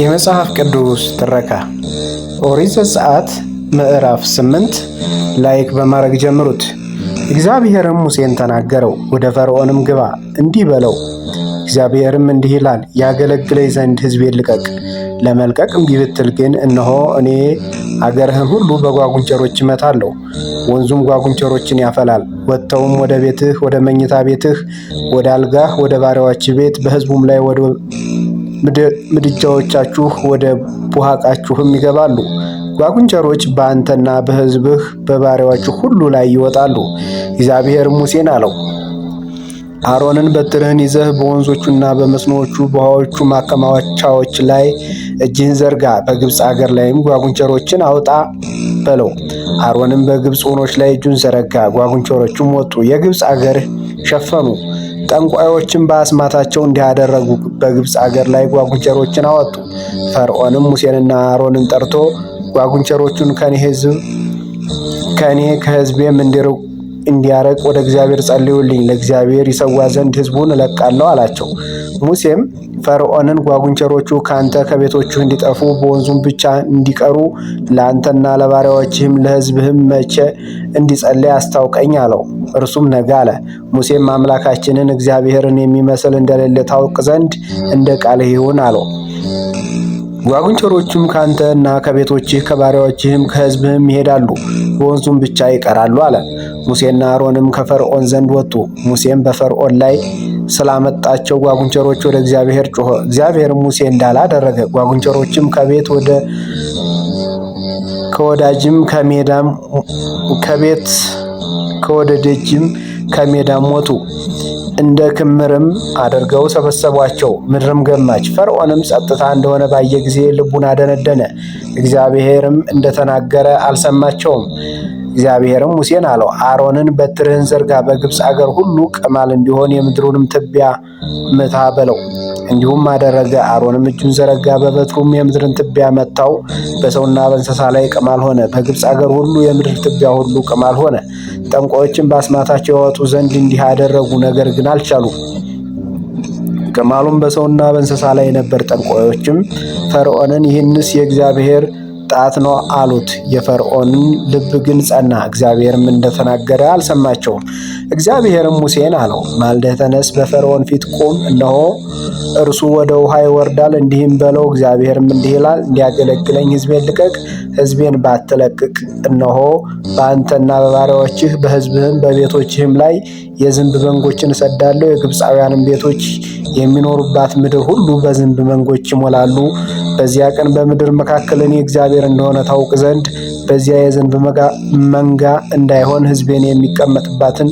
የመጽሐፍ ቅዱስ ትረካ ኦሪት ዘጸአት ምዕራፍ ስምንት ላይክ በማድረግ ጀምሩት። እግዚአብሔርም ሙሴን ተናገረው፣ ወደ ፈርዖንም ግባ እንዲህ በለው፣ እግዚአብሔርም እንዲህ ይላል፣ ያገለግለኝ ዘንድ ሕዝቤን ልቀቅ። ለመልቀቅ እምቢ ብትል ግን እነሆ እኔ አገርህን ሁሉ በጓጉንቸሮች እመታለሁ፣ ወንዙም ጓጉንቸሮችን ያፈላል። ወጥተውም ወደ ቤትህ፣ ወደ መኝታ ቤትህ፣ ወደ አልጋህ፣ ወደ ባሪያዎች ቤት፣ በሕዝቡም ላይ ምድጃዎቻችሁ ወደ ቡሃቃችሁም ይገባሉ። ጓጉንቸሮች በአንተና በሕዝብህ በባሪያዎቹ ሁሉ ላይ ይወጣሉ። እግዚአብሔር ሙሴን አለው፣ አሮንን በትርህን ይዘህ በወንዞቹና በመስኖዎቹ በውሃዎቹ ማከማቻዎች ላይ እጅህን ዘርጋ፣ በግብፅ አገር ላይም ጓጉንቸሮችን አውጣ በለው። አሮንም በግብፅ ውኆች ላይ እጁን ዘረጋ፣ ጓጉንቸሮቹም ወጡ፣ የግብፅ አገር ሸፈኑ። ጠንቋዮችን በአስማታቸው እንዲያደረጉ በግብፅ አገር ላይ ጓጉንቸሮችን አወጡ። ፈርዖንም ሙሴንና አሮንን ጠርቶ ጓጉንቸሮቹን ከእኔ ከሕዝቤም እንዲያረቅ ወደ እግዚአብሔር ጸልዩልኝ፣ ለእግዚአብሔር ይሰዋ ዘንድ ህዝቡን እለቃለሁ አላቸው። ሙሴም ፈርዖንን ጓጉንቸሮቹ ከአንተ ከቤቶቹ እንዲጠፉ በወንዙም ብቻ እንዲቀሩ ለአንተና ለባሪያዎችህም ለሕዝብህም መቼ እንዲጸለይ አስታውቀኝ አለው። እርሱም ነገ አለ። ሙሴም አምላካችንን እግዚአብሔርን የሚመስል እንደሌለ ታውቅ ዘንድ እንደ ቃልህ ይሁን አለው። ጓጉንቸሮቹም ከአንተ እና ከቤቶችህ ከባሪያዎችህም ከሕዝብህም ይሄዳሉ፣ በወንዙም ብቻ ይቀራሉ አለ። ሙሴና አሮንም ከፈርዖን ዘንድ ወጡ። ሙሴም በፈርዖን ላይ ስላመጣቸው ጓጉንቸሮች ወደ እግዚአብሔር ጮኸ። እግዚአብሔር ሙሴ እንዳለ አደረገ። ጓጉንቸሮችም ከቤት ወደ ከወዳጅም ከሜዳም ከቤት ከወደ ደጅም ከሜዳም ሞቱ። እንደ ክምርም አድርገው ሰበሰቧቸው፣ ምድርም ገማች። ፈርዖንም ጸጥታ እንደሆነ ባየ ጊዜ ልቡን አደነደነ፣ እግዚአብሔርም እንደተናገረ አልሰማቸውም። እግዚአብሔርም ሙሴን አለው፣ አሮንን በትርህን ዘርጋ፣ በግብፅ አገር ሁሉ ቅማል እንዲሆን የምድሩንም ትቢያ ምታ በለው። እንዲሁም አደረገ። አሮንም እጁን ዘረጋ፣ በበትሩም የምድርን ትቢያ መታው፣ በሰውና በእንስሳ ላይ ቅማል ሆነ። በግብፅ አገር ሁሉ የምድር ትቢያ ሁሉ ቅማል ሆነ። ጠንቋዮችን በአስማታቸው ያወጡ ዘንድ እንዲህ አደረጉ፣ ነገር ግን አልቻሉ ቅማሉም በሰውና በእንስሳ ላይ ነበር። ጠንቋዮችም ፈርዖንን ይህንስ የእግዚአብሔር ጣት ነው አሉት። የፈርዖን ልብ ግን ጸና፣ እግዚአብሔርም እንደተናገረ አልሰማቸውም። እግዚአብሔርም ሙሴን አለው፣ ማልደህ ተነስ፣ በፈርዖን ፊት ቁም፣ እነሆ እርሱ ወደ ውሃ ይወርዳል፣ እንዲህም በለው። እግዚአብሔርም እንዲህ ይላል፣ እንዲያገለግለኝ ሕዝቤን ልቀቅ። ሕዝቤን ባትለቅቅ፣ እነሆ በአንተና በባሪያዎችህ በሕዝብህም በቤቶችህም ላይ የዝንብ መንጎችን እሰዳለሁ። የግብፃውያንም ቤቶች የሚኖሩባት ምድር ሁሉ በዝንብ መንጎች ይሞላሉ። በዚያ ቀን በምድር መካከል እኔ እግዚአብሔር እንደሆነ ታውቅ ዘንድ በዚያ የዘንብ መንጋ እንዳይሆን ሕዝቤን የሚቀመጥባትን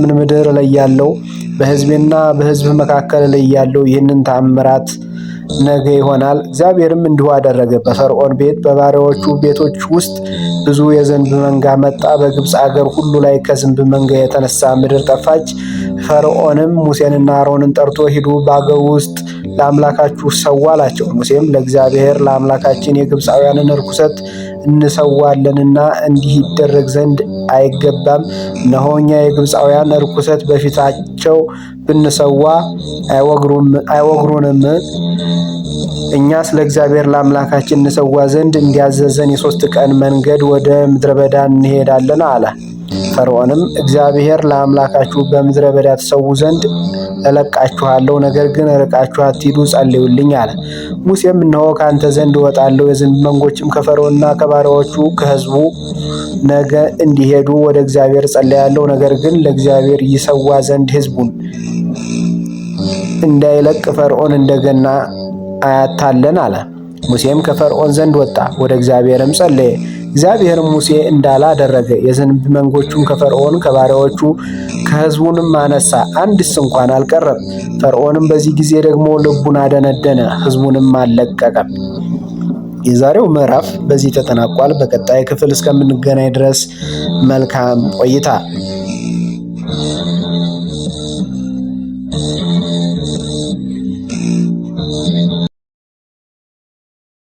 ምን ምድር እለያለሁ፣ በሕዝቤና በሕዝብ መካከል እለያለሁ። ይህንን ተአምራት ነገ ይሆናል። እግዚአብሔርም እንዲሁ አደረገ። በፈርዖን ቤት በባሪያዎቹ ቤቶች ውስጥ ብዙ የዘንብ መንጋ መጣ። በግብፅ አገር ሁሉ ላይ ከዝንብ መንጋ የተነሳ ምድር ጠፋች። ፈርዖንም ሙሴንና አሮንን ጠርቶ ሂዱ፣ በአገው ውስጥ ለአምላካችሁ ሰዋ አላቸው። ሙሴም ለእግዚአብሔር ለአምላካችን የግብፃውያንን እርኩሰት እንሰዋለንና እንዲህ ይደረግ ዘንድ አይገባም። እነሆ እኛ የግብፃውያን እርኩሰት በፊታቸው ብንሰዋ አይወግሩንም። ስለ እግዚአብሔር ለአምላካችን እንሰዋ ዘንድ እንዲያዘዘን የሶስት ቀን መንገድ ወደ ምድረ በዳ እንሄዳለን አለ። ፈርዖንም እግዚአብሔር ለአምላካችሁ በምድረ በዳ ትሰዉ ዘንድ እለቃችኋለሁ፣ ነገር ግን ርቃችሁ አትሂዱ፣ ጸልዩልኝ አለ። ሙሴም እነሆ ከአንተ ዘንድ እወጣለሁ፣ የዝንብ መንጎችም ከፈርዖንና ከባሪያዎቹ ከህዝቡ ነገ እንዲሄዱ ወደ እግዚአብሔር ጸልያለሁ፣ ነገር ግን ለእግዚአብሔር ይሰዋ ዘንድ ህዝቡን እንዳይለቅ ፈርዖን እንደገና አያታለን አለ። ሙሴም ከፈርዖን ዘንድ ወጣ፣ ወደ እግዚአብሔርም ጸለየ። እግዚአብሔር ሙሴ እንዳለ አደረገ። የዝንብ መንጎቹን ከፈርዖን ከባሪያዎቹ ከህዝቡንም አነሳ፣ አንድስ እንኳን አልቀረም። ፈርዖንም በዚህ ጊዜ ደግሞ ልቡን አደነደነ፣ ህዝቡንም አልለቀቀም። የዛሬው ምዕራፍ በዚህ ተጠናቋል። በቀጣይ ክፍል እስከምንገናኝ ድረስ መልካም ቆይታ